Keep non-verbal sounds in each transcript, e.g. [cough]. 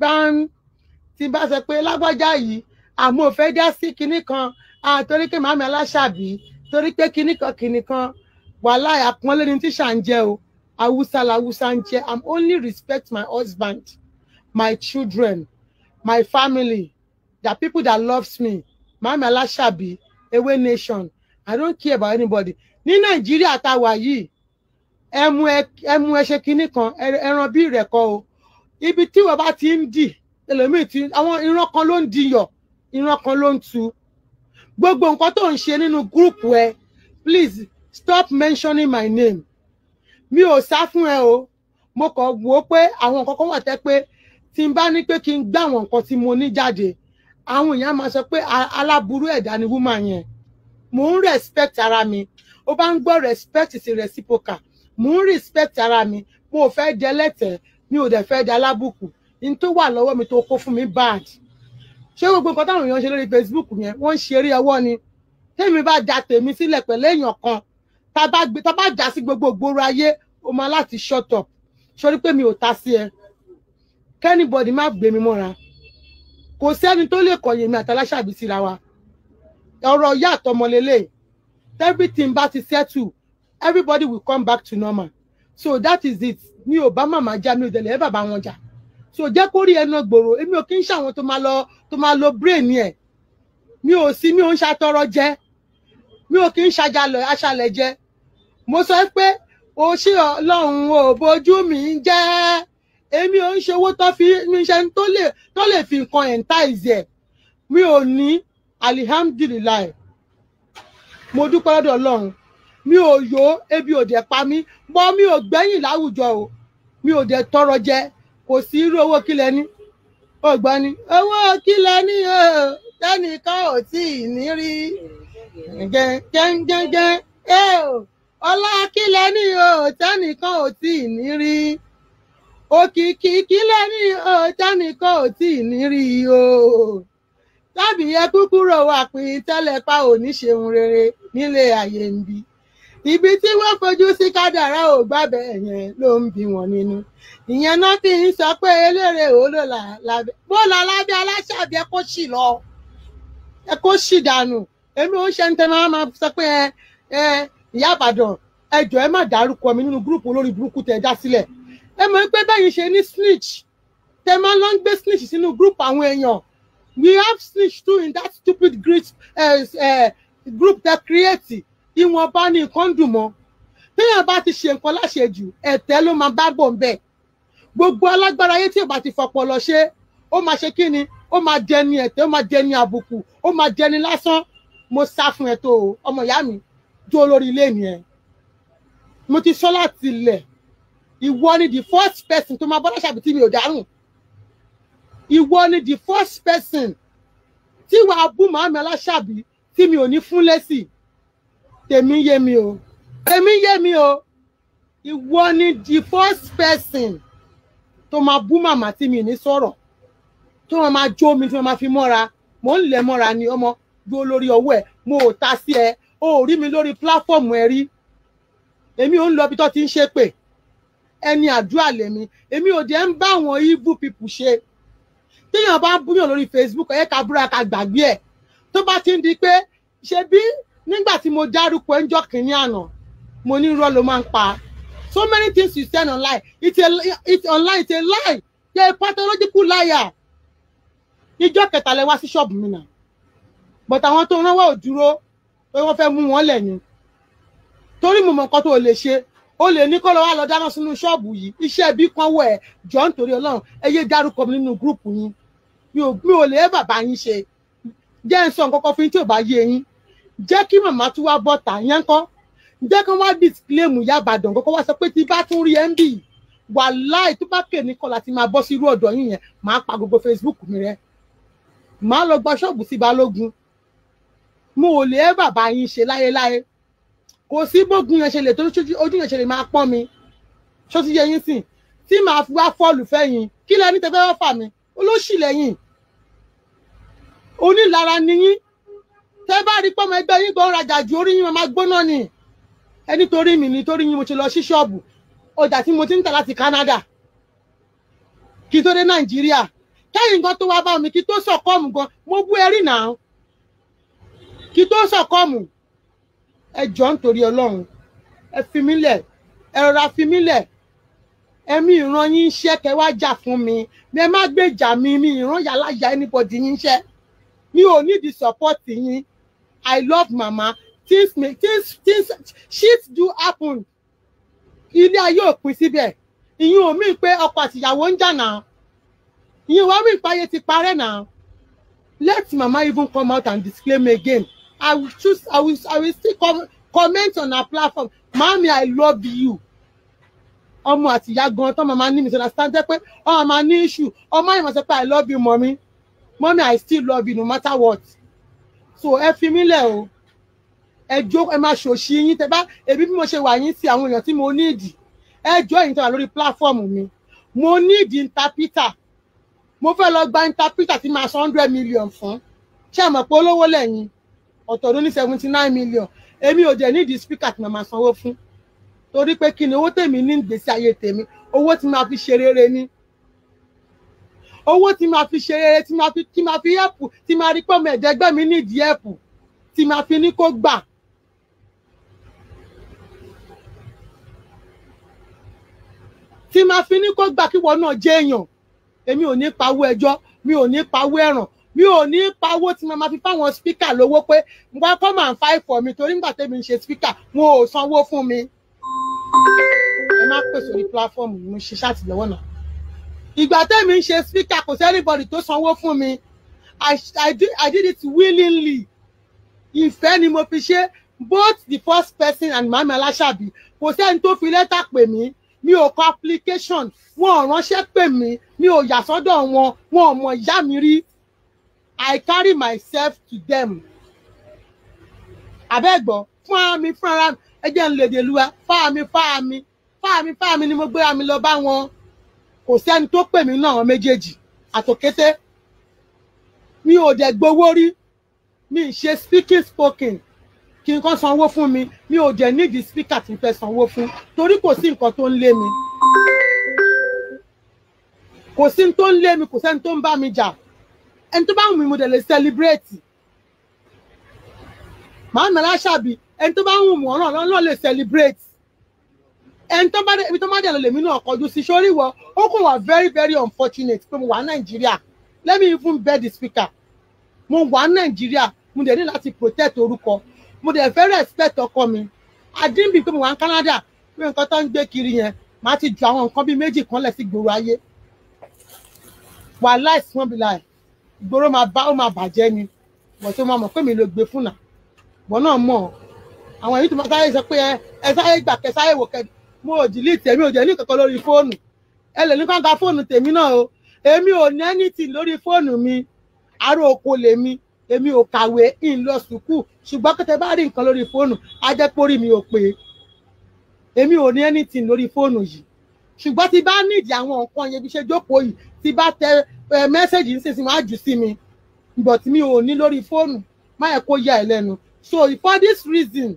bá ń ti bá sọ pé lágbájá yìí àmọ́ ò fẹ́ sí kinní kan àtorí pé màmí aláṣàbí torí pé kinní kan kinní kan wàhálà àpọ́nlé ni tíṣà ń jẹ́ o awúsá làwúsá ń jẹ́ i'm only respect my husband my children my family the people that loves me màmí aláṣàbí ewé nation i don't care about anybody ní nàìjíríà tá a wà yìí ẹmu ẹ ṣe kinní kan ẹran bí ìrẹ̀kọ́ o ibi tí wọ́n bá ti ń dì ẹlòmíì ti àwọn ìran kan ló ń diyọ̀ ìran kan ló ń tu gbogbo nǹkan tó ń ṣe nínú gúrùpù ẹ please stop mentioning my name mi ò sá fún ẹ o mo kàn wò ó pé àwọn nǹkan kan wà tẹ́ pé tí n bá ní pé kí n gbá àwọn nǹkan tí mo ní jáde àwọn èèyàn máa sọ pé aláburú ẹ̀dá ni wúmà yẹn mò ń respect ara mi ó bá ń gbọ́ respect sí reciprocal mò ń respect ara mi mo ò fẹ́ jẹ lẹ́tẹ̀ẹ́ mi ò dẹ̀ fẹ́ da lábùkù ní tó wà lọ́wọ́ mi tó kó fún mi bad ṣé gbogbo nǹkan táwọn èèyàn ń ṣe lórí Facebook yẹn wọ́n ń ṣe eré ọwọ́ ni tèmi bá da tèmi sílẹ̀ pẹ̀lú èèyàn kan tá a bá já sí gbogbo ìgboro ayé o máa láti shut up sórí pé mi ò ta sí ẹ kẹ́nìbọ̀dì má gbé mi mọ́ra kò sẹ́ni tó lè kọ̀yìn mi àtàláṣàbí síra wa ọ̀rọ̀ ìyá àtọmọ lélẹ̀ everything bá ti settle everybody will come back to normal so that is it mi Obama bá màmá já mi ò dẹ̀ lè bàbá wọn jà so jẹ́ kó rí ẹnu gbòòrò èmi ò kí ń ṣàwọn tó máa lọ tó máa lo brain ẹ̀ mi ò sí mi ò ń ṣàtọrọ jẹ mi ò kí ń ṣàjàlẹ̀ aṣàlẹ̀ jẹ mo sọ pé o ṣé ọlọ́run ò bójú mi ń jẹ́ èmi ò ń ṣe owó tó fi mi ṣe tó lè tó lè fi nǹkan ẹ̀ ń tà ìzẹ̀ mi ò ní alihamdulilayi mo dúpẹ́ lọ́dọ̀ ọlọ́run mi ò yó ebi ò dẹ̀ pa mí bọ́ mi ò gbẹ́yìn láwùjọ o mi ò dẹ̀ tọrọ jẹ kò sí irú owó kílẹ̀ ní ọgbà ni owó kílẹ̀ ní o tẹ́nìkan ò tí ì ní rí gẹ́gẹ́gẹ́ ẹ o ọlá kílẹ̀ ní o tẹ́nìkan ò tí ì ní rí òkìkí kílẹ̀ ní o tẹ́nìkan ò tí ì ní rí o tàbí ẹ kúkúrò wà pín tẹ́lẹ̀ pa ò ní ṣeun rere nílé ayé ń bí. ibi tí wọ́n fojú sí kádàrá ò gbàbẹ̀ ló ń bí wọn nínú ìyẹn náà fi ń sọ pé eléré ò là lábẹ́ bó la aláṣẹ àbí sì lọ sì dànù èmi ò ṣe ń tẹnu àwọn máa sọ pé ẹ ìyá àbàdàn ẹ ẹ má dárúkọ mi nínú gúrùpù olórí burúkú tẹ dá ẹ mọ̀ pé bẹ́yìn ṣe ní snitch tẹ máa ìwọ̀nba ni nǹkan dùn mọ́ téèyàn bá ti ṣe nǹkan láṣejù ẹ̀tẹ́ ló máa bá bọ̀ ń gbogbo alágbára ayé tí ò bá ti fọpọlọ ṣe ó máa ṣe kí ni ó máa jẹni ẹ̀tẹ́ ó máa jẹni àbùkù ó máa jẹni lásán mo sá fún ẹ tó ọmọ ìyá mi dúró lórí ilé nìyẹn mo ti sọ láti ilẹ̀ ìwọ ni the first person tó máa bọ́lá ṣàbí tí mi ò dárùn ìwọ ni the first person tí wàá bú màámi aláṣàbí tí mi ò ní fún lẹ́sìn tèmi yé mi o tèmi yé mi o ìwọ ni the first person tó máa bú màmá tí mi ní sọ̀rọ̀ tó wọn máa jó mi tí wọn máa fi mọ́ra mò ń lẹ̀ mọ́ra ni ọmọ dúró lórí ọwọ́ ẹ̀ mo ò ta sí ẹ o ò rí mi lórí pláfọ́ọ̀mù ẹ rí èmi ò ń lọ ibi tó ti ń ṣépè ẹni àdúrà lèmi èmi ò dé ń bá àwọn evil people ṣe téèyàn bá ń búyàn lórí Facebook ẹ ká búra ká gbàgbé ẹ tó bá ti ń di pé ṣebí nígbà tí mo dárúkọ ẹjọ́ kìíní àná mo ní irọ́ ló máa ń pa so many things you send online it's a it's online it's a lie you're a pathological liar ìjọ kẹta lẹ wá sí ṣọ́ọ̀bù mi náà but àwọn tó rán wá ò dúró pé wọ́n fẹ́ mú wọn lẹ̀ ni torí mo mọ nǹkan tó lè ṣe o lè ní kọ́ lọ wá lọ dáná sínú ṣọ́ọ̀bù yìí iṣẹ́ ibi kan wọ̀ ẹ́ jọ nítorí ọlọ́run ẹ yé dárúkọ mi nínú gúrùpù yín mi ò mi ò lè bàbá yín ṣe jẹ́ ń sọ nǹkan kan fún yín tí ò bá yé yín jẹ́ kí màmá tún wá bọ́ tà yẹn kọ́ jẹ́ kí wọ́n wá disclaim ìyá àbàdàn kọ́kọ́ wá sọ pé tí bá tún rí mb wàláì tó bá kè ní kọ́ láti máa bọ́ sí irú ọ̀dọ̀ yìí yẹn pa gbogbo Facebook mi rẹ màá lọ gba ṣọ́ọ̀bù sí balógun mo ò lè ẹ́ bàbá yín ṣe láyéláyé kò sí bógun yẹn ṣe lè tó ojú yẹn ṣe lè máa pọ́n mi ṣó ti yẹ yín sìn tí màá fi wá fọ́ọ̀lù fẹ́yìn kí lẹ́ni tẹ́fẹ́ wá fà mí olóṣì lẹ́yìn onílara ni yín tẹ́ bá rí pọ́mọ ẹgbẹ́ yín gan rajà ju orí yín máa gbóná ni ẹ nítorí mi nítorí yín mo ti lọ sí ṣọ́ọ̀bù ọjà tí mo ti ń tà láti Canada kí tó dé Nàìjíríà kẹ́yìn gan tó wá bá mi kí tó sọ̀kọ́ọ̀mù gan mo bú ẹrí náà kí tó sọ̀kọ́ọ̀mù ẹ jọ nítorí Ọlọ́run ẹ fi mí lẹ̀ ẹ rọra fi mí lẹ̀ ẹmí ìran yín ṣẹ́ kẹ́ wá jà fún mi ẹ má gbèjà mi mi ìran yàrá ya anybody yín ṣẹ́ mi ò nídìí support yín I love mama. Things may things things shit do happen. Ilé ayé ò pin síbẹ̀. Ìyún omi pé ọkọ àtìyàwó ń jà náà. Ìyún wa mi ìpayé ti parẹ́ náà. Let mama even come out and disclaim again. I will choose I will I will still com comment on her platform. Mami I love you. Ọmọ àtìyá gan tán Mama, ní misunderstand pé ọmọ máa ní issue. Ọmọ yìí máa sọ pé I love you mommy. Mommy I still love you no matter what so ẹ fi mí lẹ̀ o ẹ jó ẹ máa ṣòṣì yín tẹ bá èmi bí mo ṣe wà yín sí àwọn èèyàn tí mo ní ìdì ẹ jọ ẹ̀yin tó wà lórí pílàfọ́ọ̀mù mi mo ní ìdì ntapítà mo fẹ́ lọ gba ntapítà tí máa san hundred million fún ṣé àmọ̀ pé olówó lẹ́yìn ọ̀tọ̀ ló ní seventy nine million èmi ò jẹ́ nídìí spíkà tí màá sanwó fún torí pé kí ni owó tèmi ní ìgbésí ayé tèmi owó tí màá fi ṣe rere ni owó tí m'a fi ṣe rere tí m'a fi tí máa fi ẹ̀pù tí máa rí pọ̀mọ̀ ẹ̀dẹ́gbẹ́ mi nídìí ẹ̀pù tí máa fi ní kó gbà. tí máa fi ní kó gbà kí wọn náà jẹ́ èèyàn èmi ò ní pawó ẹjọ́ mi ò ní pawó ẹ̀ràn mi ò ní pawó tí màá fi fáwọn spíkà lówó pé wọ́n kọ́ máa ń fa ìfọ̀ mi torí nígbà tẹ́mi ń ṣe spíkà wọn ò sanwó fún mi. ẹ má pèsè orí pílàfọ́ọ̀mù mo ṣe ṣáàtìlẹ́wọ̀n náà ìgbà tẹ́mi ń ṣe speaker kò sí anybody tó sanwó fún mi I, I, did, I did it willingly ìfẹ́ ni mo fi ṣe both the first person and Mami Aláṣàbí kò sẹ́ni tó fi lẹ́tà pè mí mi ò kọ application wọn ò ránṣẹ́ pè mí mi ò yà sọ́dọ̀ wọn wọn ò mọ ìyá mi rí I carry myself to them àbẹ́gbọ́ fún ara mi fún ara mi ẹ jẹ́ ń lè dèlúwa fáàmì fáàmì fáàmì fáàmì ni mo gbéra mi lọ bá wọn kò sẹ́ni tó pè mí náà méjèèjì àtòkété mi ò dẹ̀ gbowó rí mi ń ṣe speaking spoken kí n kàn sanwó fún mi mi ò dẹ̀ di speaker tí n fẹ́ sanwó fún torí kò sí nǹkan tó ń lé mi kò sí tó ń lé mi kò sẹ́ni tó ń bá mi jà ẹni tó bá wù mí mo dẹ̀ lè celebrate màá nà láṣàbí ẹni tó bá wù mí ọ̀ràn lọ́nà lè celebrate ẹni tó bá dé ibi tó má dẹ̀ lọ lèmi náà kọjú sí sórí wọ ó kò wà very very unfortunate pé mo wà nàìjíríà let me even beg the speaker mo wà nàìjíríà mo dẹ̀ ní láti protect orúkọ mo dẹ̀ fẹ́ respect ọkọ mi àdínbì pé mo wà ní Canada pé nǹkan tó ń gbé kiri yẹn màá ti ju àwọn nǹkan bíi méjì kan lẹ̀ sí gbòòrò ayé wàhálà ìsúnmọ́ bí láì ìgboro máa bá ó máa bàjẹ́ ni wọ́n tó máa mọ̀ pé mi ló gbé fúnà wọ́n náà mọ̀ àwọn èyí tó máa sáré sọ pé ẹ sáré gbà kẹ sáré wò kẹ mo ò jìlì tèmi ò jẹ́ ní kankan lórí fóònù ẹ lè ní kọ́ńkà fóònù tèmi náà o èmi ò ní anything lórí fóònù mi àárò oko lèmi èmi ò kàwé ń lọ sùkúù ṣùgbọ́n kẹtẹ bá rí nǹkan lórí fóònù á mi ò pé èmi ò ní anything lórí fóònù yìí ṣùgbọ́n tí bá nídìí àwọn nǹkan yẹn bí ṣe jókòó yìí tí bá tẹ ẹ mẹ́sẹ̀gì nísinsìnyí wọ́n á jù sí mi but mi ò ní lórí fóònù má yẹ kó yà ẹ lẹ́nu so for this reason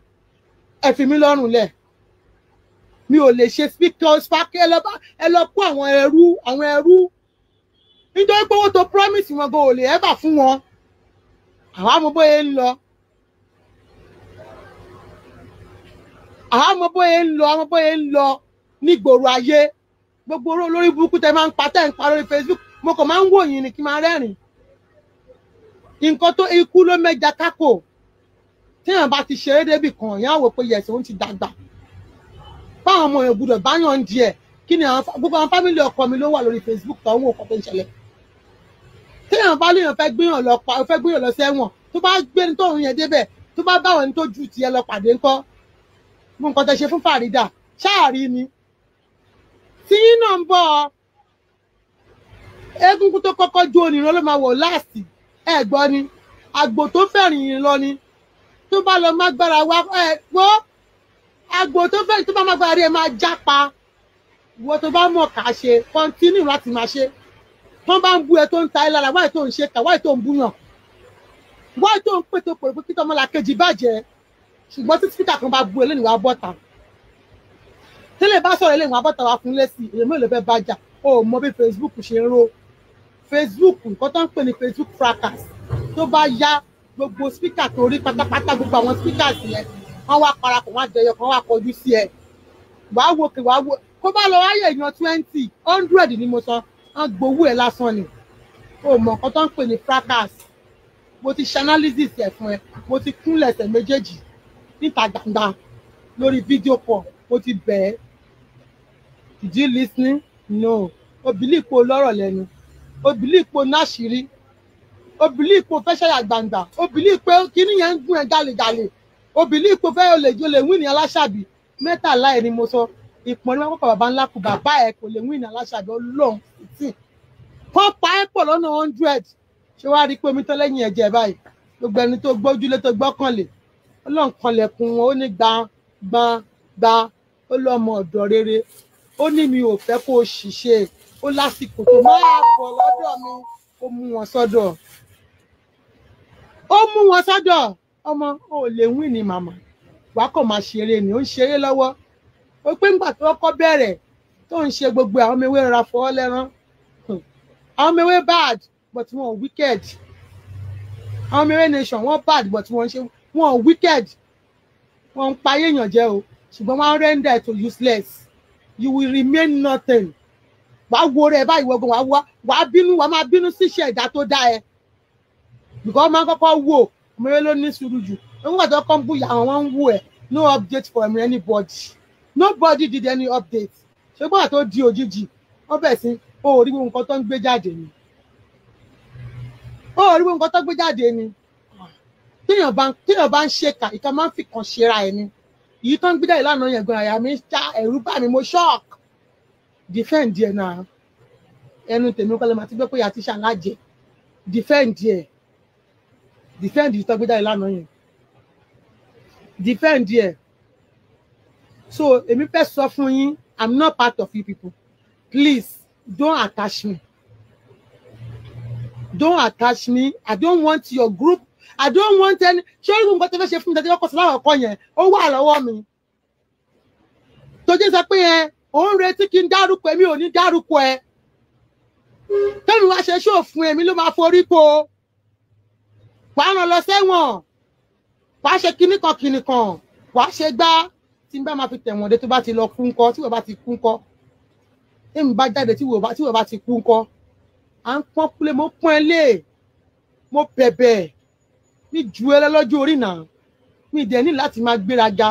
ẹ fi mí lọ́rùn lẹ̀ mi ò lè ṣe speakers fákẹ́ ẹ lọ bá ẹ lọ kó àwọn ẹrú àwọn ẹrú nítorí pé owó tó promise wọn gan ò lè ẹ́ bà fún wọn àwa mọ bóyá ń lọ àwa mọ bóyá ń lọ àwa mọ bóyá ń lọ nígboro ayé gbogbo olórí burúkú tẹ máa ń pa tẹ ń pa lórí Facebook mo kàn máa ń wò yín ni kí n máa rẹ́rìn nǹkan tó ikú ló mẹ́ja kákò téèyàn bá ti ṣeré débì kan yẹn wò pé yẹ̀sìn òun ti dàgbà báwọn ọmọ yẹn gbúdọ̀ báyọ̀ ń di ẹ̀ kí ni gbogbo àwọn fámìlì ọkọ mi ló wà lórí Facebook tó ń wò kọ́ tó ń ṣẹlẹ̀ téèyàn bá léèyàn fẹ́ gbéyàn lọ pa fẹ́ gbéyàn lọ sẹ́wọ̀n tó bá gbé ní tóun yẹn débẹ̀ tó bá báwọn ní tó ju tiẹ̀ lọ pàdé ńkọ́ mo nǹkan tẹ ṣe fún Fàrídà ṣáàrí ni tí yín náà ń bọ̀ egungun tó kọ́kọ́ ju onírọ́ ló máa wọ̀ láàsì ẹ̀ gbọ́ ni àgbò tó fẹ̀rìn lọ ni tó bá lọ má gbára wá ẹ̀ gbọ́ ẹgbò tó fẹ́ tó bá máa gba rí ẹ máa jápa wọ́n tó bá mọ̀ ká ṣe kọ́ntínú láti máa ṣe tó bá ń bú ẹ tó ń ta ẹ lára wáyé tó ń ṣe kà wáyé tó ń búyàn wáyé tó ń pètò pòrò pé kí tọmọlá kejì bàjẹ́ ṣùgbọ́n tí spíkà kan bá bú ẹ lónìí wàá bọ́ta tẹ́lẹ̀ bá sọ̀rọ̀ eléyìí wàá bọ́ta wàá fún lẹ́sìn èlò mélòó fẹ́ bàjá o mọ bí Facebook ṣe ń ro Facebook nǹkan tó ń pè ní Facebook fracas tó bá yá gbogbo spíkà tó rí pátápátá gbogbo àwọn spíkà sí wọ́n wá parapọ̀ wọ́n á jẹyọ kan wọ́n á kọjú sí ẹ wàá wo kè wàá wo kó bá lọ wáyé èèyàn twenty hundred ni mo sọ wọ́n gbowó ẹ lásán ni o mọ nǹkan tó ń pè ní fracas mo ti ṣe analysis ẹ fún ẹ mo ti kúnlẹ̀ ẹsẹ̀ méjèèjì níta gbangba lórí fídíò call mo ti bẹ̀ ẹ́ did you listen no obìnrin ipò lọ́rọ̀ lẹ́nu obìnrin ipò náṣìírí obìnrin ipò fẹ́ ṣẹ́yà gbangba obìnrin ipò kíní yẹn ń gún ẹ jálejàle obìnrin ìpò fẹ́ olè jọ lè wí ní aláṣàbí mẹ́tàlá ẹ̀ ni mo sọ ìpọ́n ní wọn kọ́ bàbá ńlá kù bàbá ẹ̀ kò lè wí ní aláṣàbí ọlọ́run fifteen kọ́ pa ẹ́ pọ̀ lọ́nà hundred ṣé wàá rí i pé omi tán lẹ́yìn ẹ̀jẹ̀ báyìí gbogbo ẹni tó gbójúlé tó gbọ́kànlé ọlọ́run kanlẹ̀kùn wọn ó ní gbàn gbàn gbàn ó lọ́mọ ọ̀dọ̀ rere ó ní mi ò fẹ́ kó o ṣìṣe ó lásìkò tó máa bọ̀ lọ́dọ̀ mi ó mú wọn sọ́dọ̀ ọmọ ò lè wí ni màmá wàá kàn máa ṣeré ni ó ń ṣeré lọ́wọ́ ó pé ńgbà tó kọ́ bẹ̀rẹ̀ tó ń ṣe gbogbo àwọn ọmọ ewé rọra fọwọ́ lẹ́rán hmm. àwọn ọmọ ewé bad but wọn ò wicked àwọn ọmọ ewé nation wọn bad but wọn ṣe wọn ò wicked wọn ń payé èèyàn jẹ o ṣùgbọ́n wọn render to useless you will remain nothing wàá wo rẹ báyìí wọgbọn wàá wá wàá bínú wàá máa bínú sí ìṣẹ̀dá tó dá ẹ bìkọ́ máa kọ́kọ́ wò ọmọye ló ní sùúrù jù nígbà tó kàn búyà àwọn wọn ń wú ẹ no update for um, anybody nobody did any update ṣùgbọ́n àtó di òjijì wọ́n bẹ̀ sí o ò rí gbogbo nǹkan tó ń gbé jáde ni o ò rí gbogbo nǹkan tó ń gbé jáde ni téèyàn bá téèyàn bá ń ṣe kà ìka máa ń fi kàn ṣera ẹ ni èyí tó ń gbé jáde lánàá yẹn gan àyà mi já ẹ̀rù bá mi mo shock defend ẹ náà ẹnu tèmi kọ́lẹ́ màá ti gbé pé yàtí ṣàlàjẹ defend ẹ defend yìí tọ́gbẹ́dá ìlànà yẹn defend yẹ so èmi fẹ́ sọ fún yín i'm not part of you people please don't attach me don't attach me i don't want your group i don't want any ṣé orí nǹkan tó fẹ́ ṣe fún mi tàbí ọkọ̀ sí láwọn ọkọ̀ yẹn ó wà lọ́wọ́ mi tó jẹ́ sọ pé ẹ ò ń retí kí n dárúkọ ẹ mi ò ní dárúkọ ẹ tẹ́nu wá ṣe ṣó fún ẹ ló máa forí kó o wàá ràn lọ sẹ́wọ̀n wàá ṣe kinní kan kinní kan wàá ṣe gbá tí n bá máa fi tẹ̀wọ̀n dé tó bá ti lọ kú ńkọ́ tí wọ́n bá ti kú ńkọ́ èmi bá jáde tí wọ́n bá ti kú ńkọ́ à ń pọ́n kúlé mo pọ́n ẹ lé mo bẹ̀bẹ̀ mi ju ẹ lọ́jọ́ orí náà mi dẹ̀ ní láti máa gbéraga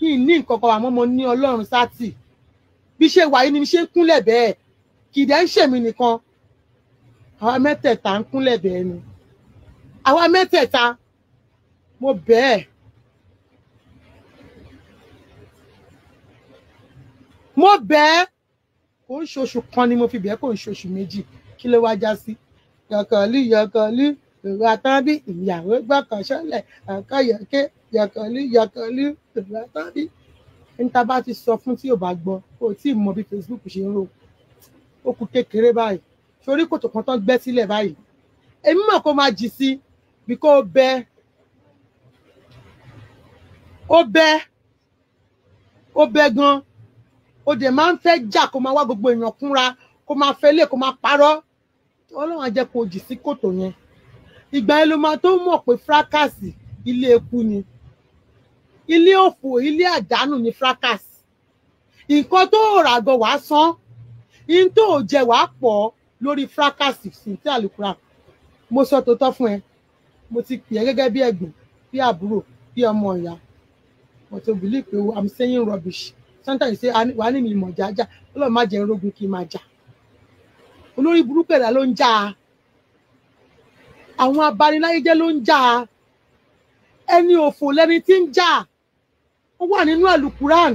mi ní nǹkan kan àmọ́ mo ní ọlọ́run sátì bí ṣe wàyí ni mi ṣe ń kúnlẹ̀ bẹ́ẹ̀ kìdẹ́ ń ṣèmi nìkan àwa mẹ́tẹ̀ẹ̀ta ń kúnlẹ̀ bẹ́ẹ̀ ni àwa mẹ́tẹ̀ẹ̀ta mo bẹ́ẹ̀ mo bẹ́ẹ̀ kò ń ṣoṣù kan ni mo fi bẹ́ẹ̀ kò ń ṣoṣù méjì kí ló wá já sí yọkànlí yọkànlí ìrora tán bí ìyàwó gbọ́kàn ṣọlẹ̀ ọ̀kan yọ̀kẹ́ yọkànlí yọkànlí ìrora tán bí níta bá ti sọ fún tí ò bá gbọ́ kò tí ì mọ bí Facebook ṣe ń ro ó kù kékeré báyìí torí kòtò kan tán gbẹ́ sílẹ̀ báyìí èmi mọ̀ kó máa jì sí i because ó bẹ ó bẹ ó bẹ gan ó dẹ̀ máa ń fẹ́ jà kó máa wá gbogbo èèyàn kúnra kó máa fẹ́ lé kó máa parọ́ ọlọ́run á jẹ́ kó jì sí kòtò yẹn ìgbà yẹn ló máa tó mọ̀ pé fracasi ilé eku ni ilé òfò ilé àdánù ni fracasi nǹkan tó rà gan wàá san in tó jẹ wàá pọ̀ lórí fracasi sí ti àlùkùrà mo sọ tòótọ́ fún ẹ mo ti pè é gẹ́gẹ́ bí ẹ̀gbọ́n bí àbúrò bí ọmọ ìyá mo ti believe pé i'm saying rubbish sometimes ṣe wàá ní mi ìmọ̀ jájá ọlọ́run má jẹ́ irógun kí n máa jà olórí burúkú ẹ̀dá ló ń jà á àwọn abaniláyéjẹ́ ló ń jà á ẹni òfò lẹni tí ń jà ó wà nínú àlùkùrán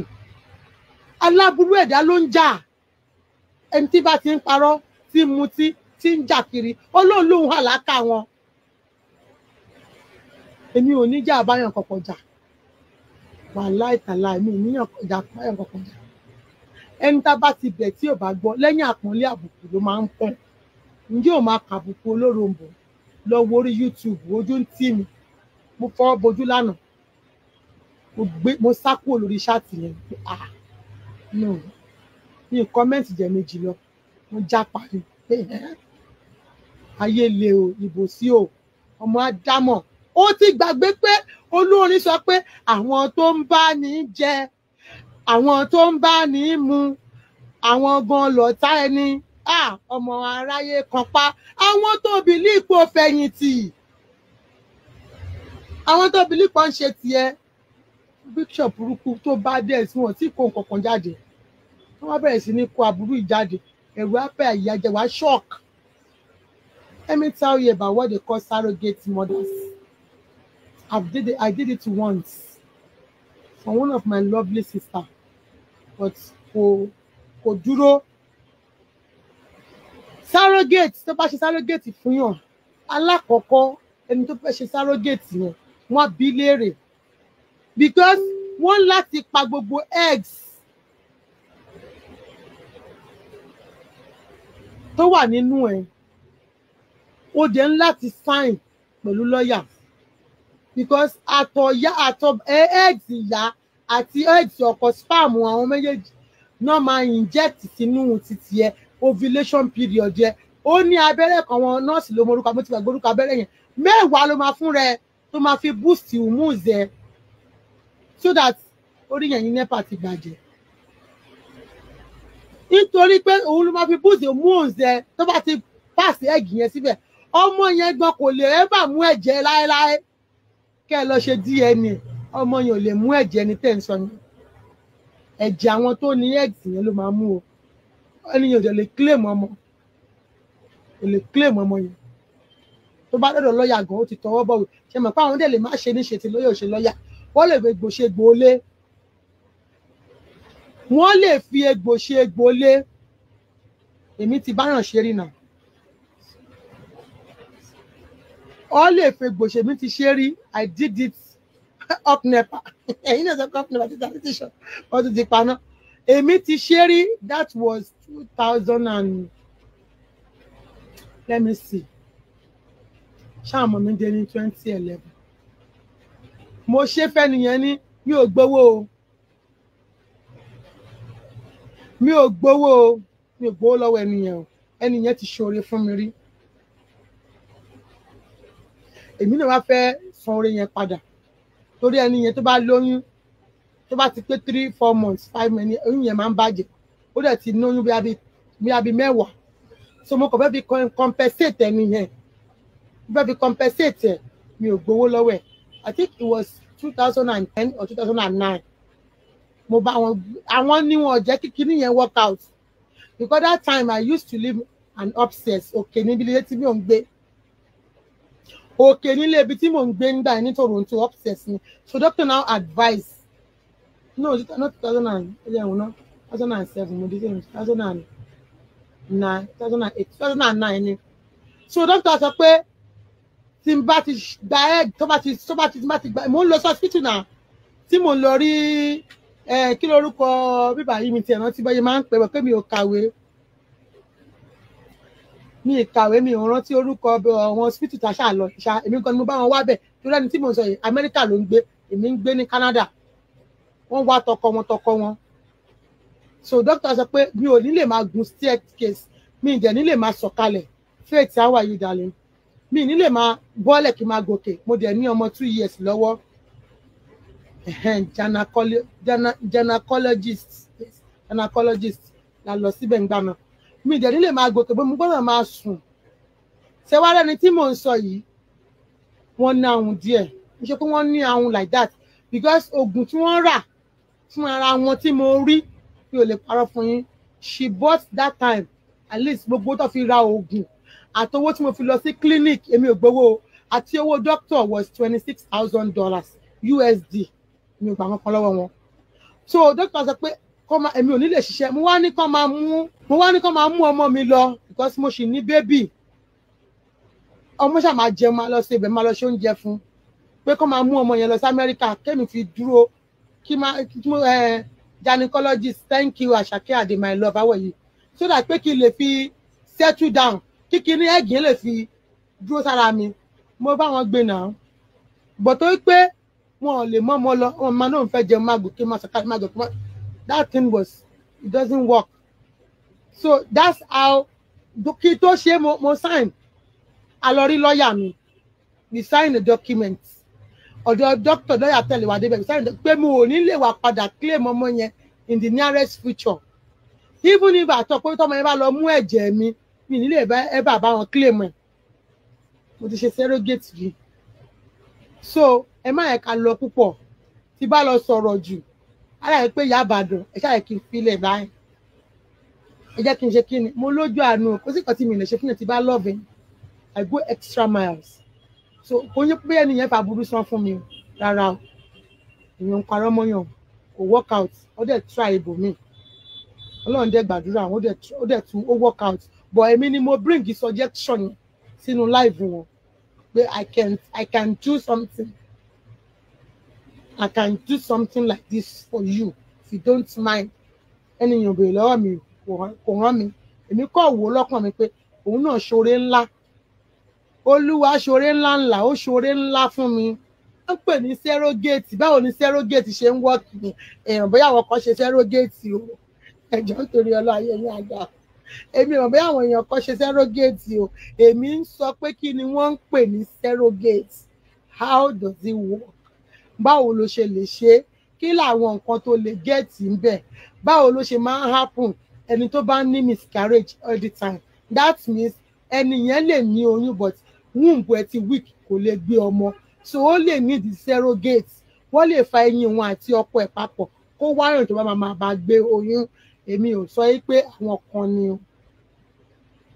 aláburú ẹ̀dá ló ń jà ẹni tí bá ti ń parọ́ tí ń mutí tí ń jà kiri ó lóun lóun hàlákà wọn èmi ò ní jà báyàn kọ̀kọ̀ jà wàláì tàláì mi ò ní jà báyàn kọ̀kọ̀ jà ẹni tá bá ti bẹ̀ tí ò bá gbọ́ lẹ́yìn àpọ́nlé àbùkù ló máa ń pọ́n ǹjẹ́ ò máa kàbùkù olóròǹbó lọ wo orí YouTube ojú ń tì mí mo fọ́ bojú lánàá mo gbé mo sá kúrò lórí ṣáàtì yẹn pé ah no mi ò kọ́mẹ́ǹtì jẹ méjì lọ mo já parí pé ayé le o ìbò sí o ọmọ ádámọ̀ ó ti gbàgbé pé olórin sọ pé àwọn tó ń bá ní jẹ àwọn tó ń bá ní mu àwọn gan lọ̀tá ẹni ọmọ aráyé kan pa àwọn tó bìlí ipò fẹ̀yìntì àwọn tó bìlí kan ń ṣe tiẹ̀ bíṣọ̀ burúkú tó bá dẹ̀ sí wọn tí kò kankan jáde wọn bẹ̀rẹ̀ sí ní kó aburú ìjáde ẹ̀rù apẹ̀ àyíyájẹ wá ṣọ́ọ̀kì let me tell you about what they call surrogate mothers. I've did it, I did it once for one of my lovely sister, but for kò dúró. Surrogate tó bá surrogate fún yàn, alákọ̀ọ́kọ́ ẹni tó fẹ́ ṣe surrogate yẹn, wọ́n bí léèrè. Because wọ́n láti pa gbogbo eggs tó wà nínú ẹ̀, ó dẹ̀ ń láti sign pẹ̀lú lawyer because àtọ̀ ya àtọ̀ eggs ìyá àti eggs ọkọ sperm àwọn méjèèjì náà máa inject sínú títì ẹ ovulation period ẹ ó ní abẹ́rẹ́ kan wọn nọ́ọ̀sì ló morúkọ mo ti gbàgbé orúkọ abẹ́rẹ́ yẹn mẹ́wàá ló máa fún rẹ tó máa fi boost humus ẹ so that orí yẹn ní nepa ti bàjẹ́ nítorí pé òun ló máa fi boost humus ẹ tó bá ti pass egg yẹn síbẹ̀ ọmọ yẹn gbọ́n kò lè ẹ́ bà mú ẹ̀jẹ̀ láéláé kẹ́ ẹ lọ ṣe DNA ọmọ yẹn ò lè mú ẹ̀jẹ̀ ẹni tẹ́ ń sọ yẹn ẹ̀jẹ̀ àwọn tó ní ẹ̀dì yẹn ló máa mú o ẹni yẹn ò lè claim ọmọ ò lè claim ọmọ yẹn tó bá dọ̀dọ̀ lọ́ọ̀yà gan ó ti tọwọ́ bọ̀wé ṣe mọ̀ pé àwọn dẹ̀ lè má ṣe níṣe tí lọ́ọ̀yà ò ṣe lọ́ọ̀yà wọ́n lè fi egbò ṣe egbò lé wọ́n lè fi egbò ṣe egbò èmi ti bá ràn ṣe rí náà all èfègbò ṣèmi ti ṣe rí i did it [laughs] up nepa [laughs] ẹ̀yin náà sọ pé up nepa ti tàbí ti sọ wọ́n ti ti paná èmi that was 2000 and let me see ṣáà mọ̀ mi dé ní twenty eleven mo ṣe fẹ́ nìyẹn ní mi ò gbowó o mi ò gbowó o mi ò gbowó èmi náà wá fẹ́ san oore yẹn padà torí ẹni yẹn tó bá lóyún tó bá ti pé three four months five months oyún yẹn máa ń bàjẹ́ ó dẹ̀ ti lóyún bí abi bí abi mẹ́wàá so mo kàn fẹ́ fi compensate ẹni yẹn mo fẹ́ fi compensate ẹ̀ mi ò gbowó lọ́wọ́ ẹ̀ I think it was two thousand and ten or two thousand and nine mo bá wọn àwọn níwọn ọjẹ kíkiri yẹn work out because that time I used to live an upstairs òkè níbi ilé tí mi ò ń gbé. Okay, nílé ibi tí mò ń gbé ń dà ní Toronto upstairs ni so doctor now advise no not two thousand and eleven no two thousand and seven mo di same two thousand and nine two thousand and eight two thousand nine ni so doctor sọ pé tí n bá ti gba egg tó bá ti tó bá ti bá ti gba mò ń lọ sí hospital náà tí mò ń lọ rí eh, kí lorúkọ bíbá yìí mi tiẹ̀ rántí bẹ́ẹ̀ máa ń pè wọ́n pé mi ò kàwé mi ìkàwé mi ò rántí orúkọ àwọn hospital tá a ṣáà lọ ṣá èmi gan ni mo bá wọn wá bẹ̀ tó lẹ́ni tí mo sọ yìí Amẹ́ríkà ló ń gbé èmi ń gbé ní Canada wọ́n wá tọkọ wọn tọkọ wọn so doctor sọ pé mi ò ní lè máa gun staircase mi ìdẹ̀ ní lè máa sọ̀kalẹ̀ faith how are you darling mi ní lè máa bọ́ọ̀lẹ̀ kí n máa gòkè mo dẹ̀ ní ọmọ two years lọ́wọ́ gynecologist gynecologist la lọ síbẹ̀ ń gbà náà mi ìdẹ̀rí lè máa gòkè bó mo gbọ́dọ̀ máa sùn ṣé wá rẹ́ni tí mò ń sọ yìí wọ́n ní ahun díẹ̀ mo ṣe pé wọ́n ní ahun like that because oògùn tí wọ́n rà fún ara wọn tí mo rí mi ò lè parọ́ fún yín she bought that time at least gbogbo tó fi ra oògùn àtowó tí mo fi lọ sí clinic èmi ò gbowó àti owó doctor was twenty six thousand dollars USD mi ò gbà wọn kan lọ́wọ́ wọn so doctor sọ pé èmi ò ní lè ṣiṣẹ́ mo wá ní kán máa mú mo wá ní kó máa mú ọmọ mi lọ because mo sì ní bébì ọmọ ṣáà máa jẹun máa lọ sí ibẹ̀ máa lọ ṣe oúnjẹ fún pé kó máa mú ọmọ yẹn lọ sí Amẹ́ríkà kémi fi dúró kí máa ẹ gynecologist thank you Àṣàkẹ́ Àdè my love awọ yìí so that pé kí n lè fi settle down kí kí ní ẹ̀gì lè fi dúró sára mi mo bá wọn gbé náà bọ̀ tó pé wọn ò lè mọ́ ọmọ lọ ọmọ náà ń fẹ́ jẹun máa gòkè máa sọ̀kalẹ̀ máa gòkè that thing was it doesn't work so that's how kí tó ṣe mo mo sign a lawyer rí lọ́ọ̀yà mi we sign the document ọ̀dọ̀ doctor lọ́ọ̀yà tẹ̀lé wa débẹ̀ we sign the pé mo ò ní lè wà padà claim ọmọ yẹn in the nearest future even if àtọ̀ pé tọmọ yẹn bá lọ mú ẹ̀jẹ̀ mi mi ní lè ẹ bá bá wọn claim ẹ̀ mo ti ṣe surrogate yìí so ẹ má yẹ ká lọ púpọ̀ tí bá lọ sọ̀rọ̀ jù aláìpé Ìyá Ìbàdàn ẹ ṣáà yẹ kí n filẹ̀ báyìí ẹ jẹ́ kí n ṣe kí ni mo lójú àánú kò sí kan tí mi lè fún ẹ tí bá lọ́ọ̀bì i go extra miles so kò ní pé ẹni yẹn fà burú san fún mi rárá o èèyàn ń parọ́ mọ́yàn kò work out ó dẹ̀ try ibòmíì ọlọ́run dẹ̀ gbàdúrà ó dẹ̀ tún ó work out but èmi ni mo bring suggestion yẹn sínú live wọn pé i can i can do something i can do something like this for you if you don't mind ẹni yàn bèrè lọ́wọ́ mi o kò rán mi èmi kọ́ wò ó lọ́kàn mi pé òun náà ṣoore ńlá olúwa ṣoore ńlá ńlá ó ṣoore ńlá fún mi wọ́n pè ní sẹ́rógéètì báwo ni sẹ́rógéètì ṣe ń wọ́ọ̀kì ni èèyàn bóyá àwọn kan ṣe sẹ́rógéètì o ẹ̀jọ̀ nítorí ọlọ́ ayé yín àgbà èmi ò bóyá àwọn èèyàn kan ṣe sẹ́rógéètì o èmi ń sọ pé kí ni wọ́n ń pè ní sẹ́rógéètì how does it work báwo ló ṣe lè ṣe kí làwọn nǹkan tó lè gẹ̀ẹ́tì ń bẹ̀ báwo ló ṣe máa ń happen ẹni tó bá ní miscarriage all the time that means ẹni yẹn lè ní oyún but womb ẹ ti weak kò lè gbé ọmọ so ó lè ní the surrogate wọ́n lè fa ẹyin wọn àti ọkọ ẹ̀ papọ̀ kó wáyàn tó bá máa máa bá gbé oyún èmi ò sọ pé àwọn kan ni o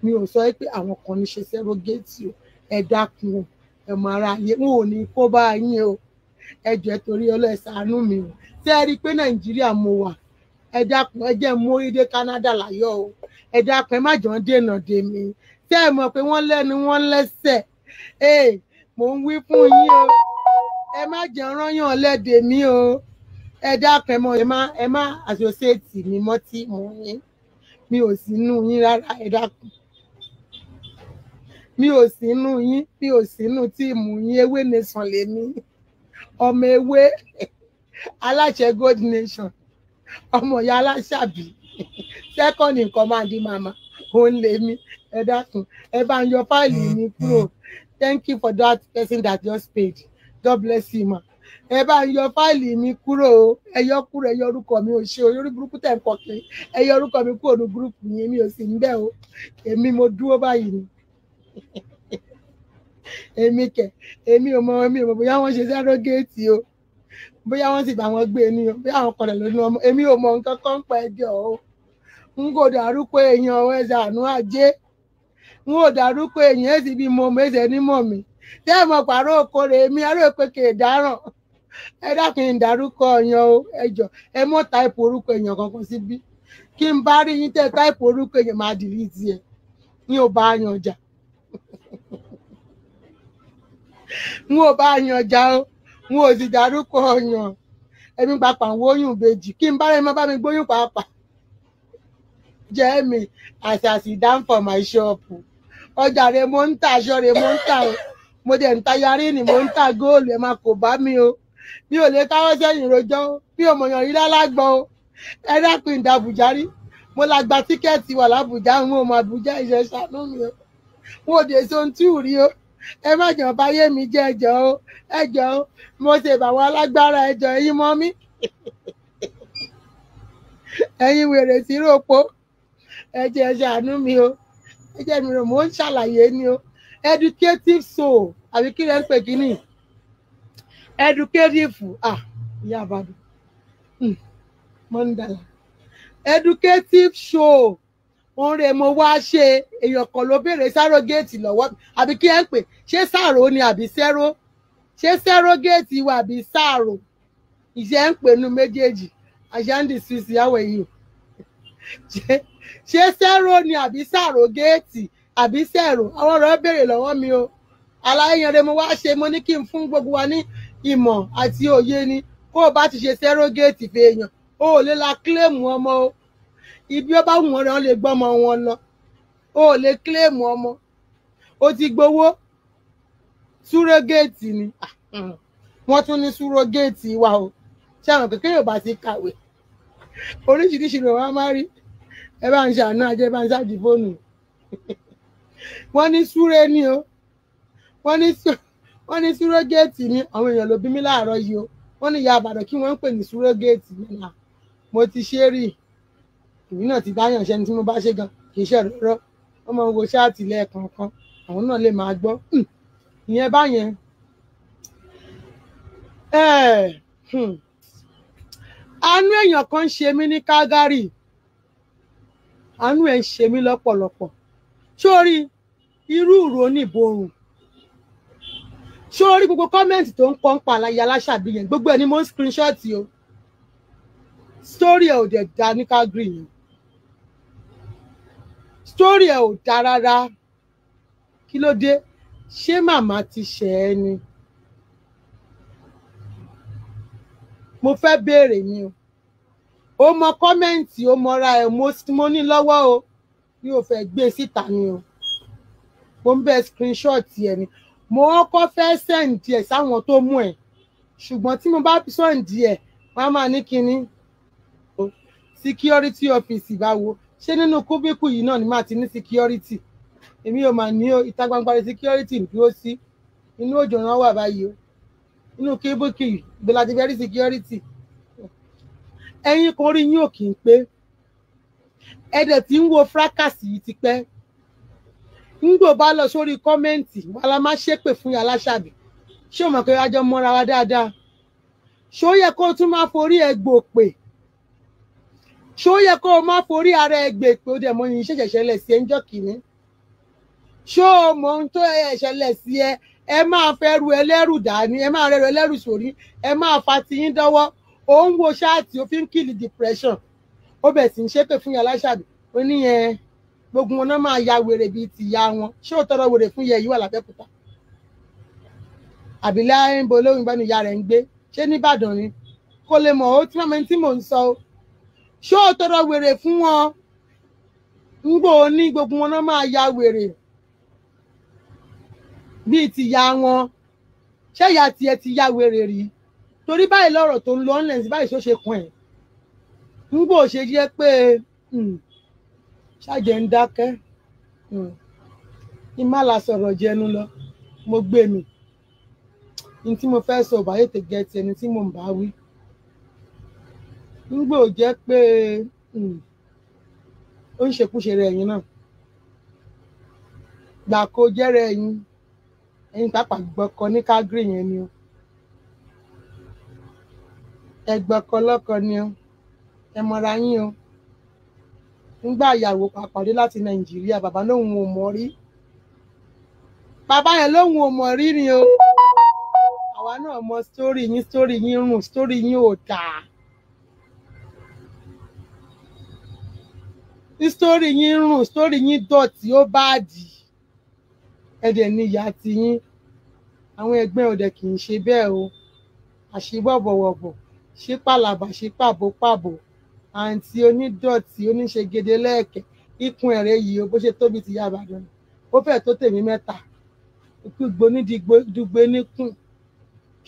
mi ò sọ pé àwọn kan ní ṣe surrogate o ẹ dákun o ẹ mọ ara yẹ wọn ò ní kó bá yín o ẹ jọ̀ọ́ torí ọlọ́ọ̀ẹ́sà àánú mi o tẹ́ ẹ rí i pé nàìjíríà mo wà ẹ dákun ẹ jẹ́ mórí dé Canada láyọ̀ o ẹ dákun ẹ má jọ ń dènà dè mí tẹ́ ẹ mọ̀ pé wọ́n lẹ́nu wọ́n lẹ́sẹ̀ ee mò ń wí fún yín o ẹ má jẹ́ rányàn lẹ́dẹ̀ mí o ẹ dákun ẹ mọ̀ ẹ má ẹ má àsòséètì mi mọ́ tí mò ń yín mi ò sínú yín rárá ẹ dákun mi ò sínú yín mi ò sínú tíìmù yín ewé nation lèmi ọmọ ewé [laughs] aláṣẹ gold nation ọmọ ìyá aláṣàbí second in command mama. òun lèmi ẹ dákun ẹ bá ń yọ fáìlì mi mm-hmm. kúrò thank you for that person that just paid god bless you ma ẹ bá ń yọ fáìlì mi kúrò o ẹ yọ kúrò ẹ yọ orúkọ mi ò ṣe o lórí burúkú tẹ̀ ń kọ kiri ẹ yọ orúkọ mi kúrò ní gúrúùpù yẹn mi ò sì ń bẹ̀ o èmi mo dúró báyìí ni [laughs] èmi kẹ èmi ò mọ èmi ò mọ bóyá wọn ṣe sáré o bóyá wọ́n sì bá wọn gbé ni o bóyá àwọn kọlẹ lónìí ọmọ èmi ò mọ nǹkan kan pa o n kò dárúkọ èèyàn ọwọ ẹsẹ àánú ajé kò èèyàn èsì bíi mo mọ ẹsẹ nímọ mi tẹ ẹ mọ èmi aró ẹ dákun èèyàn o ẹ mọ táìpù orúkọ èèyàn kankan síbí n n ò sì dárúkọ ọyàn ẹbí pàápàá ń wóyún ìbejì kí n bá rẹ mọ bá mi gbóyún pàápàá jẹ mi àti àti down for my shop ọjà rẹ mo ń tà aṣọ rẹ mo ń tà o mo dẹ̀ ń ta yarí ni mo ń tà góòlù ẹ máa kò bá mi o mi ò lè káwọ́ sẹ́yìn rojọ́ o mi ò mọ̀yàn rí lálágbọ́n o ẹ dákun ìdàbùjá rí mo la gba tíkẹ́ẹ̀tì wà lábùjá ń wọ́n mọ àbújá ìṣẹ̀ṣà lónìí o wọn ò dé so ń tí ò rí o ẹ má jọ báyé mi jẹ́ ẹjọ o ẹjọ o mo ṣe bàwọ alágbára ẹjọ ẹ̀yin mọ mi ẹ̀yin wèrè sí ròpó ẹjẹ ẹjẹ àánú mi o ẹjẹ mi rò mò ń ṣàlàyé ni o educative soul àbí kí lẹ ń pè kí ni educative ah ìyá àbàdàn hmm, mọ́ndàlá educative show wọ́n rẹ̀ mo wá ṣe èèyàn kan ló béèrè sárogéètì lọ́wọ́ àbí kí ẹ ń pè ṣé sàrò ni àbí sẹ́rò ṣé sẹ́rọ́gẹ́ẹ̀tì wà àbí sàrò ìṣẹ́ ń pẹ̀lú méjèèjì àṣàǹdì ṣùṣì àwọ̀ ẹ̀yìn ṣé sẹ́rò ni àbí sàrò géètì àbí sẹ́rò àwọn ọ̀rọ̀ béèrè lọ́wọ́ mi o aláìyanre mo wá ṣe mo ní kí n fún gbogbo wa ní ìmọ̀ àti òye ni kó o bá ti ṣe sẹ́rọ́gẹ́ẹ̀tì fèèyàn o ò lè la kílèmù ọmọ o ibi ó bá wù wọ́n rẹ̀ wọ́n lè gbọ́mọ wọn lọ o ò lè kílèmù ọmọ o ti gbowó súrógéètì ni ah, mm. wọ́n tún ní súrógéètì wa o ṣé àwọn kékeré ò bá ti kàwé oríṣiríṣi ló wá má rí ẹ bá ń ṣàánú ajé bá ń ṣáàjì fóònù [laughs] wọ́n ní súré ni o wọ́n ní wọ́n ní súrógéètì ni àwọn èèyàn ló bí mí láàárọ̀ yìí o wọ́n ní ìyá àbàdàn kí wọ́n ń pè ní súrógéètì ah, mo ti ṣe rí i ìlú náà ti dáyàn ṣẹni tí mo bá ṣe gan kì ṣe rọrọ wọn wo ṣáàtì lẹ́ẹ̀kọ̀ọ̀kan àwọn náà lè máa gbọ́ hmm. ìyẹn báyẹn àánú hmm. èèyàn kan ṣe mí ní Calgary àánú ẹ̀ ń ṣe mí lọ́pọ̀lọpọ̀ sórí irú ìró oníborùn sórí gbogbo kọ́mẹ́ǹtì tó ń kọ́ ń pa àlàyé aláṣàbí yẹn gbogbo ẹ̀ ni mo ń screenshot o story ẹ̀ ò dẹ̀ da ní Calgary yẹn story ẹ ò dáa rárá kí ló dé ṣé màmá ti ṣẹ̀ ẹ́ ni mo fẹ́ béèrè mi o ó mọ kọ́mẹ́ǹtì ó mọra ẹ̀ mo ní lọ́wọ́ o mi ò fẹ́ gbé e síta ni o mo ń bẹ screenshot ẹ̀ ni mo kọ́ fẹ́ send ẹ̀ sáwọn tó mú ẹ̀ ṣùgbọ́n tí mo bá sẹ́ǹdì ẹ̀ wọ́n á máa ní kinní security office báwo ṣé nínú kúbíkù yìí náà ni màá ti ní security èmi ò mà ní ìta gbangba rẹ security dúró sí inú òjò náà wà báyìí o inú kúbíkù yìí ìgbèlà security ẹ̀yin kan rí yín ò kì pé ẹ̀dẹ̀ tí ń wo fracasi yìí ti pẹ́ ńgbò bá lọ sórí kọ́mẹ́ǹtì wa la máa ṣépè fún yàrá aláṣàbí ṣé o mọ̀ pé ajọ mọ́ra wa dáadáa ṣó yẹ kó tún máa forí ẹ gbò pè ṣé ó yẹ kó o má forí ara ẹ gbè pé ó dẹ̀ mọ́ ní iṣẹ́ ìṣẹ̀lẹ̀ sí ẹ ń jọ́ kìíní ṣó o mọ ohun tó ṣẹlẹ̀ sí ẹ ẹ máa fẹ́ ru ẹlẹ́rù dání ẹ máa rẹ́rù ẹlẹ́rù sórí ẹ máa fa tiyín dọ́wọ́ ó ń wo ṣáàtì ó fi ń kìlì depression ó bẹ̀ sì ń ṣépè fún yàrá ṣàbí ó ní yẹn gbogbo wọn náà máa ya wèrè bíi tìyá wọn ṣé ò tọrọ wèrè fún yẹ yìí wà lábẹ́kúta àbílẹ̀ ń bo olóyìnbó ni ìyá rẹ̀ ń gbé ṣé nìbàdàn ni kò lè mọ̀ ó tí màmá ń sọ ṣé o tọrọ wèrè fún wọn ń gbò ó ní gbogbo wọn náà máa ya wèrè bíi ti ya wọn ṣé ìyá tiẹ̀ ti ya wèrè rí torí báyìí lọ́rọ̀ tó ń lọ ọ́nlẹ̀ sí báyìí ṣó ṣe kàn ẹ̀ ń gbò ṣe jẹ́ pé hmm, ṣàjẹ́ ń dákẹ́ hmm, kí má la sọ̀rọ̀ jẹnu lọ mo gbé mi ní tí mo fẹ́ sọ báyìí tẹ gẹ̀ẹ́tì ẹni tí mo bá wí ńgbò jẹ́ pé hmm, ó ń ṣekúṣe rẹ̀ ẹ̀yin náà gbàkó jẹ́rẹ̀ ẹ̀yin ẹ̀yin pàápàá gbọ́kọ ní kágírì yẹn ni o ẹgbọ́kọ lọ́kọ ni o ẹ mọ̀ra yín o nígbà ìyàwó pàpàdé láti nàìjíríà bàbá lòun ò mọ̀ rí bàbá yẹn lòun ò mọ̀ rí ni o àwa náà mọ̀ sítórì yín sítórì yín rùn sítórì yín ò dáa. Story yín rùn sítórì yín dọ̀tí ó báàdì ẹ̀dẹ̀ ni ìyá ti yín àwọn ẹgbẹ́ ọ̀dẹ̀ kì í ṣe bẹ́ẹ̀ o àṣìwọ̀bọ̀wọ̀bọ̀ ṣí pàlàbà ṣí pàbó pàbó àǹtí onídọ̀tí oníṣegede lẹ́ẹ̀kẹ́ ikùn ẹ̀rẹ́ yìí o bó ṣe tóbi ti yá àbàdàn ó fẹ́ tó tèmi mẹ́ta gbogbo nídìí dùgbẹ́ níkùn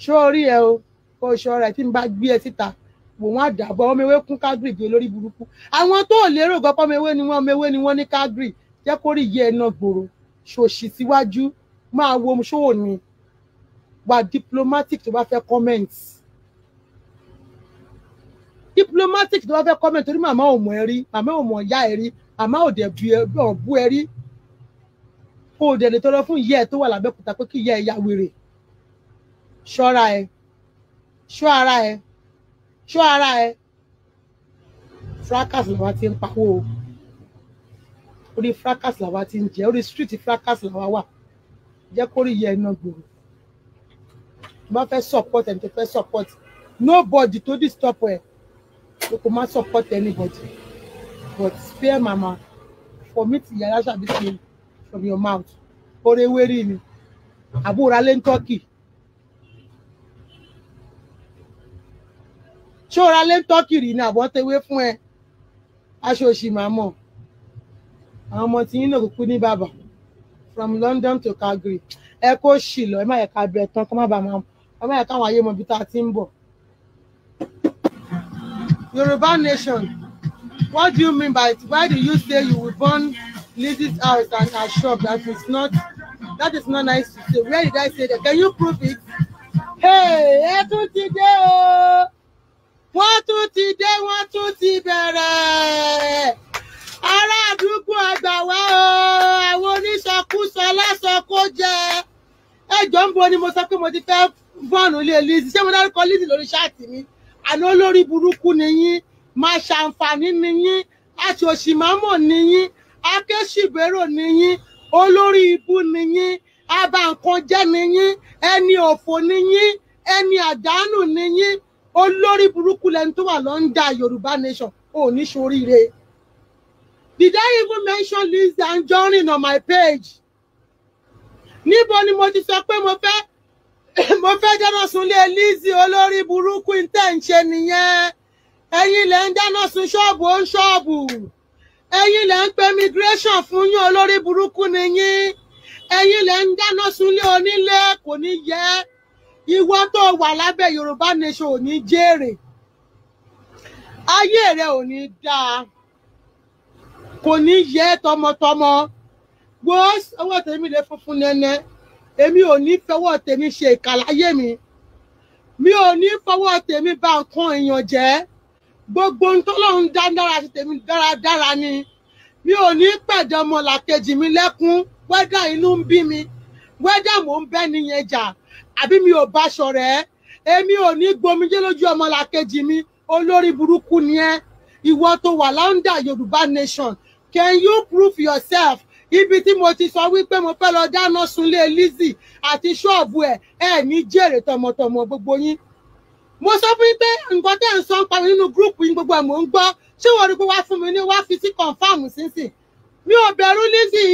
ṣó rí ẹ o kó o ṣọ́ra ẹ tí n bá gbé ẹ síta wò wọ́n àdàbọ̀ ọmọ ewé kún calgary bí olórí burúkú àwọn tó ò lérò gan pọ́mọ ewé ni wọ́n ọmọ ewé ni wọ́n ní calgary jẹ́ kó rí iye ẹ̀nà gbòòrò ṣòṣì síwájú máa wo ṣòwò ni wà diplomatic tó bá fẹ́ comment diplomatic tó bá fẹ́ comment torí màmá ò mọ̀ ẹ rí màmá ò mọ̀ ìyá ẹ rí màmá ò dẹ̀ bú ẹ rí kó o dẹ̀ lè tọrọ fún ìyá ẹ tó wà lábẹ́kúta pé kí ìyá ẹ ya wèrè ṣọ́ra ẹ ṣọ́ ara ẹ ṣọ́ ara ẹ fracas làwa ti ń pawó o orí fracas làwa ti ń jẹ orí street fracas làwa wà jẹ́ kó rí yẹ iná gbòòrò tó bá fẹ́ support ẹni tó fẹ́ support nobody tó disturb ẹ o kò má support anybody but spare mama for me ti yàrá ṣàbí ṣe from your mouth oore wẹ́rì ni àbúrò alẹ́ ń tọ́kì. ṣé o ra lẹ́ńtọ́ kiri ni àbọ̀ tewé fún ẹ aṣọ òṣì máa mọ̀ àwọn ọmọ tí yín náà kúkú ní bàbá from London to Calgary ẹ kó ṣì lọ ẹ má yẹ ká bẹ tán kó má bàa máa ẹ má yẹ káwọn ayé mọ ibi tá a ti ń bọ̀. Yorùbá nation what do you mean by it why do you say you will burn Lizzie's house and her shop that is not that is not nice to say where did I say that can you prove it. Hey, ẹ tún ti dé o wọ́n tún ti dé wọ́n tún ti bẹ̀rẹ̀ ará àdúgbò ẹgbà wá o àwọn oníṣọkúsọ lásán kó jẹ ẹjọ ń bo ni mo sọ pé mo ti fẹ́ bọ́ọ̀nù ilé Lizzy ṣé mo dárúkọ Lizzy lórí ṣáàtì mi àná olórí burúkú ni yín máa ṣàǹfààní ni yín aṣòṣìmámọ̀ ni yín akéṣìbérò ni yín olórí ibú ni yín abankanjẹ́ ni yín ẹni òfò ni yín ẹni àdánù ni yín olórí burúkú lẹni tó wà lọ́ndà yorùbá nation ò ní ṣoríire did i even mention and Johnny on my page níbo ni mo ti sọ pé mo fẹ́ [coughs] mo fẹ́ dáná sunlé Lizzy olórí burúkú tẹ̀ ń ṣe nìyẹn ẹ̀yin lẹ ń dáná sun ṣọ́ọ̀bù ó ń ṣọ́ọ̀bù ẹ̀yin lẹ ń pe migration fún yín olórí burúkú nìyín ẹ̀yin lẹ ń dáná sunlé onílé kò ní yẹ ẹ́ ìwọ tó wà lábẹ́ Yorùbá nation ò ní jèrè ayé rẹ ò ní dáa kò ní yẹ tọmọtọmọ gbọ́ ọwọ́ tèmi lè funfun nẹ́nẹ́ èmi ò ní fọwọ́ tèmi ṣe ìkàláyé mi mi ò ní fọwọ́ tèmi bà nǹkan èèyàn jẹ́ gbogbo ohun tọ́lọ́run dá dára sí tèmi dáradára ni mi ò ní pẹ̀dẹ̀ ọmọlàkejì mi lẹ́kún wẹ́dà inú ń bí mi wẹ́dà mò ń bẹ́ nìyẹn jà àbí mi ò bá ṣọ̀rẹ́ èmi ò ní gbomijé lójú ọmọlàkejì mi olórí burúkú ni ẹ ìwọ tó wà láńdà yorùbá nation can you prove yourself ibi tí mo ti sọ wípé mo fẹ́ lọ dáná sunlé Lizzy àti ṣọ́ọ̀bù ẹ̀ ẹ̀ ní jèrè tọmọtọmọ gbogbo yín mo sọ fún yín pé nǹkan tẹ́ ń sọ ń pa mi nínú gúrùpù yín gbogbo ẹ̀ mò ń gbọ́ ṣé wọ́n rí pé wá fún mi ní wá fi sí confam sínsìn mi ò bẹ̀rù Lizzy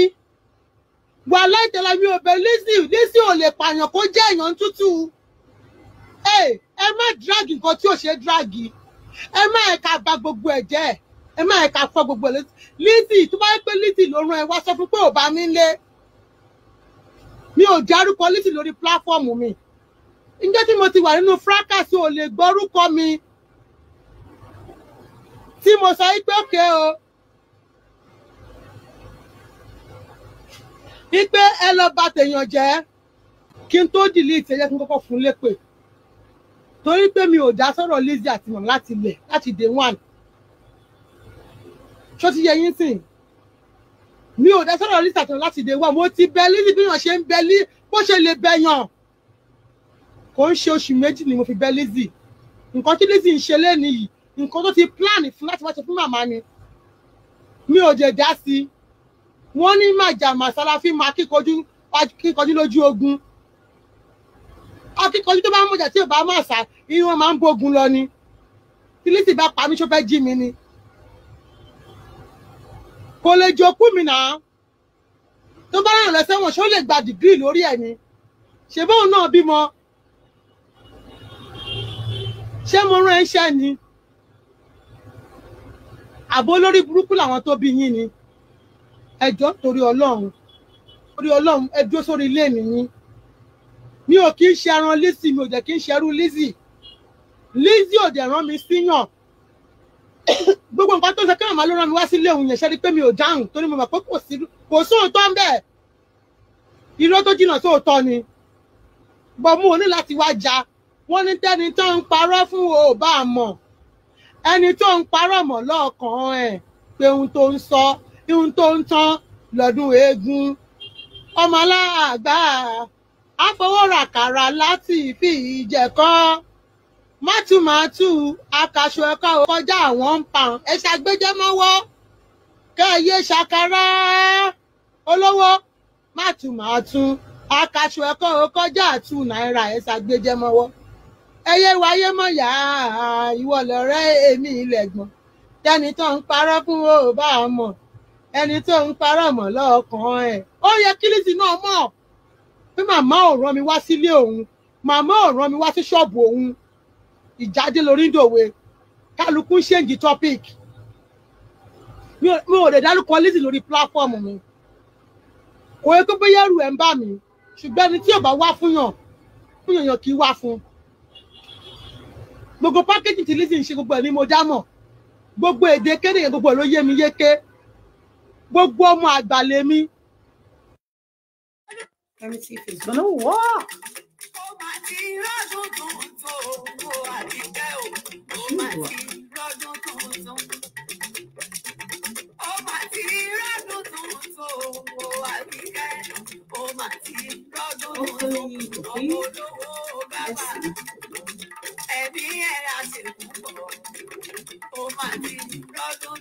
wà láìtẹ̀lá mi ò bẹ Lizzy Lizzy ò lè pààyàn kó jẹ́ èèyàn tútù ẹ má dragi nǹkan tí ò ṣe dragi ẹ má ẹ̀ka bà gbogbo ẹ̀ jẹ́ ẹ má ẹ̀ka fọ gbogbo ẹ̀ Lizzy tó bá yẹ pé Lizzy ló rán ẹ wá sọ fún pé ò bá mi lé mi ò dárúkọ Lizzy lórí pláfọ́ọ̀mù mi njẹ́ tí mo ti wà nínú fracas ò lè gbọ́rúkọ mi tí mo sọ pé òkè o. Okay, oh wípé ẹ lọ bà tèèyàn jẹ́ kí n tó delete ẹ̀yẹ́ kí n kọ́kọ́ fún un lépè torí pé mi ò dá sọ̀rọ̀ Lizzy àti mọ̀ láti lẹ̀ láti day one ṣó ti yẹ yín sìn mi ò dá sọ̀rọ̀ Lizzy àti mọ̀ láti day one mo ti bẹ Lizzy bí wọ́n ṣe ń bẹ lí bó ṣe lè bẹ yàn kò ń ṣe oṣù méjì ni mo fi bẹ Lizzy nǹkan tí Lizzy ń ṣe lẹ́nìí nǹkan tó ti plan fún láti wá ṣe fún màmá ni mi ò dẹ̀ dá sí i wọ́n ní màjàmá sálàfí máa kíkọjú kíkọjú lójú ogun akíkọjú tó bá ń mọ̀jà tí ò bá máa sá irun wọn máa ń bógun lọ ni tí Lizzy bá pa mí ṣó fẹ́ jí mi ni kò lè jokú mi náà tó bá ràn lọ sẹ́wọ̀n ṣó lè gba dìgírì lórí ẹ̀ ni ṣe bóun náà bímọ ṣé mo rán ẹ ṣẹ́ ni àbó lórí burúkú làwọn tó bí yín ni ẹjọ́ torí ọlọ́run torí ọlọ́run ẹ dúró sórí ilé mi yín mi ò kí ń ṣe aran Lizzy mi ò dẹ̀ kí ń ṣerú Lizzy Lizzy ò dẹ̀ rán mi síyàn [coughs] gbogbo nǹkan tó ń sọ kí màmá ló rán mi wá sílé òun yẹn ṣe ni pé mi ò dáhùn torí mo mọ̀ pé kò sí kò sóòótọ́ ń bẹ̀ irọ́ tó jìnnà sóòótọ́ ni bọ́ mú o ní láti wá ja wọ́n ní tẹ́ni tó ń parọ́ fún o bá mọ̀ ẹni tó ń parọ́ mọ̀ lọ́ọ̀kan ẹ̀ pé ohun tó ń sọ. So ihun tó ń tán lọ́dún eégún ọmọláàgbà àfọwọ́ràkàrà láti fi ìjẹ̀kọ́ mátùmátù akaṣọ ẹ̀kọ́ kọjá àwọn ń pa ẹ ṣàgbéjẹ́mọ́wọ́ kẹ́ẹ̀yé ṣàkàrà olówó mátùmátù akaṣọ ẹ̀kọ́ kọjá àtú náírà ẹ ṣàgbéjẹ́mọ́wọ́ ẹyẹ wáyé mọ̀yà ìwọ̀lọ́rẹ́ èmi ilẹ̀ gbọ̀n tẹ́ni tó ń parọ́ fún ó bá ẹni tó ń parọ́ mọ́ lọ́ọ̀kan ẹ̀ ó yẹ kílísì náà mọ̀ pé màmá ò rán mi wá sílé òun màmá ò rán mi wá sí ṣọ́ọ̀bù òun ìjáde lórí ìdòwe kálukú ń ṣèǹjì topic mi ò lè dárúkọ lísì lórí platform mi kò yẹ kó bóyá ẹrù ẹ̀ ń bà mí ṣùgbọ́n ẹni tí ò bá wá fún yàn fún yàn kì í wá fún gbogbo pákéjì tí lísì ń ṣe gbogbo ẹ̀ ni mo dá mọ̀ gbogbo èdè kéde gbogbo ẹ̀ ló yé mi yéké gbogbo ọmọ àgbàlẹ mi. Let me see if it's gonna work. ó máa ti rọ́dún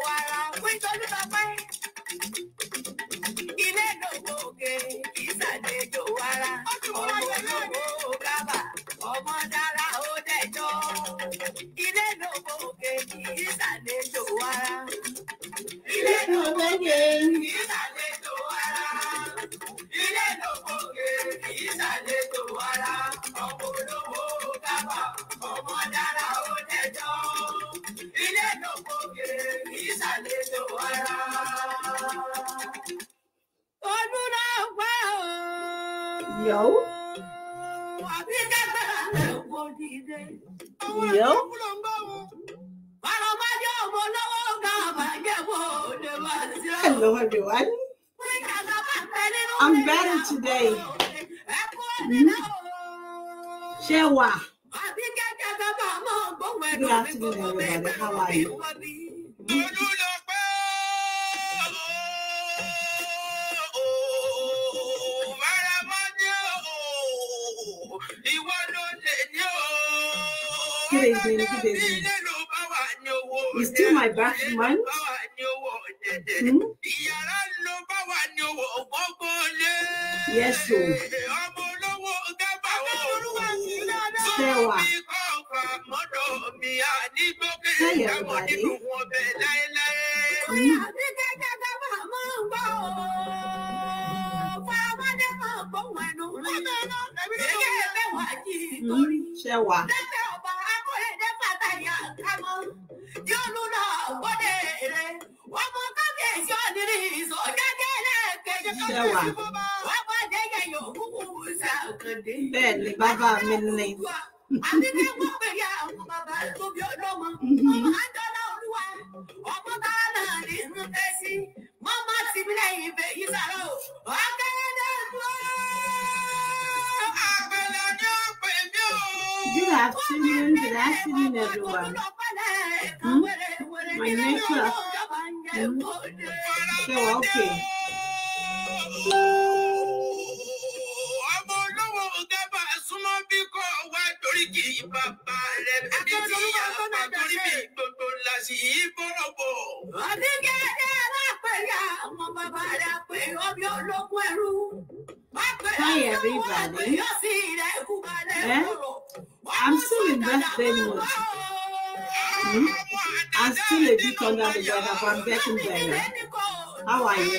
àwọ̀ ara fún ìtọ́jú tọpẹ́. Ilé lòwò òkè kì í ṣàlejò ara. Ọmọ Ilé lòwò òkè kì í ṣàlejò ara. Ilé Ọmọ lòwò kábà, ọmọ dára. àlejò Hello everyone. I'm better today. Ṣé Good afternoon, everybody. How are you? Kúdèjì ni Kúdèjì. He's still my best man. Hmm. Yes sir. Ọmọ olówó ṣẹwà. bẹ́ẹ̀ ni bàbá mi ní. àdìdí Good afternoon, good afternoon, everyone. Hmm? My network. Hmm? So, okay. Hi everybody. Eh? I'm still in breath pain. Hmm? I'm still a bit under the weather, but I'm getting better. How are you?